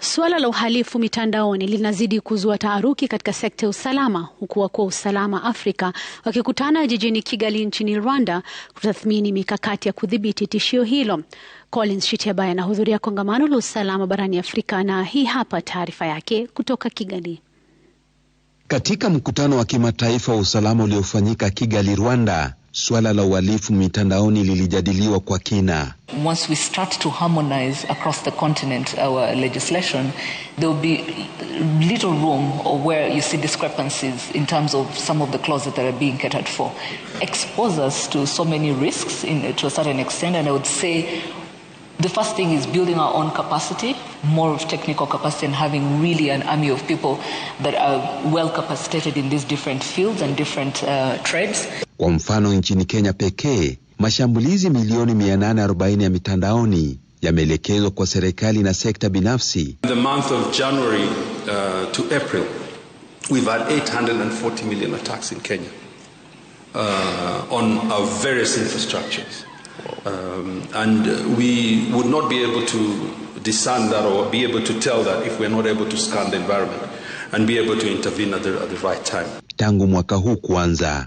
Suala la uhalifu mitandaoni linazidi kuzua taharuki katika sekta ya usalama huku wakuu wa usalama Afrika wakikutana jijini Kigali nchini Rwanda kutathmini mikakati ya kudhibiti tishio hilo. Collins Shitiabaya anahudhuria kongamano la usalama barani Afrika na hii hapa taarifa yake kutoka Kigali. Katika mkutano wa kimataifa wa usalama uliofanyika Kigali, Rwanda la uhalifu mitandaoni lilijadiliwa kwa kina. Once we start to harmonize across the continent our legislation, there will be little room where you see discrepancies in terms of some of the clauses that are being catered for. Expose us to so many risks in, to a certain extent, and I would say the first thing is building our own capacity, more of technical capacity, and having really an army of people that are well capacitated in these different fields and different uh, trades. Kwa mfano, nchini Kenya pekee mashambulizi milioni 840 ya mitandaoni yameelekezwa kwa serikali na sekta binafsi. The month of January, uh, to April, we've had 840 million attacks in Kenya, uh, on our various infrastructures. Um, and we would not be able to discern that or be able to tell that if we're not able to scan the environment and be able to intervene at the, at the right time. Tangu mwaka huu kuanza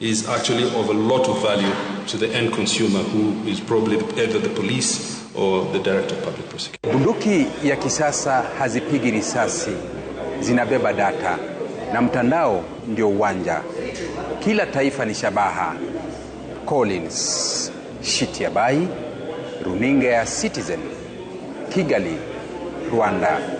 is actually of a lot of value to the end consumer who is probably either the police or the director of public prosecution. Bunduki ya kisasa hazipigi risasi, zinabeba data na mtandao ndio uwanja. Kila taifa ni shabaha. Collins Shitiabai, runinga ya Citizen, Kigali, Rwanda.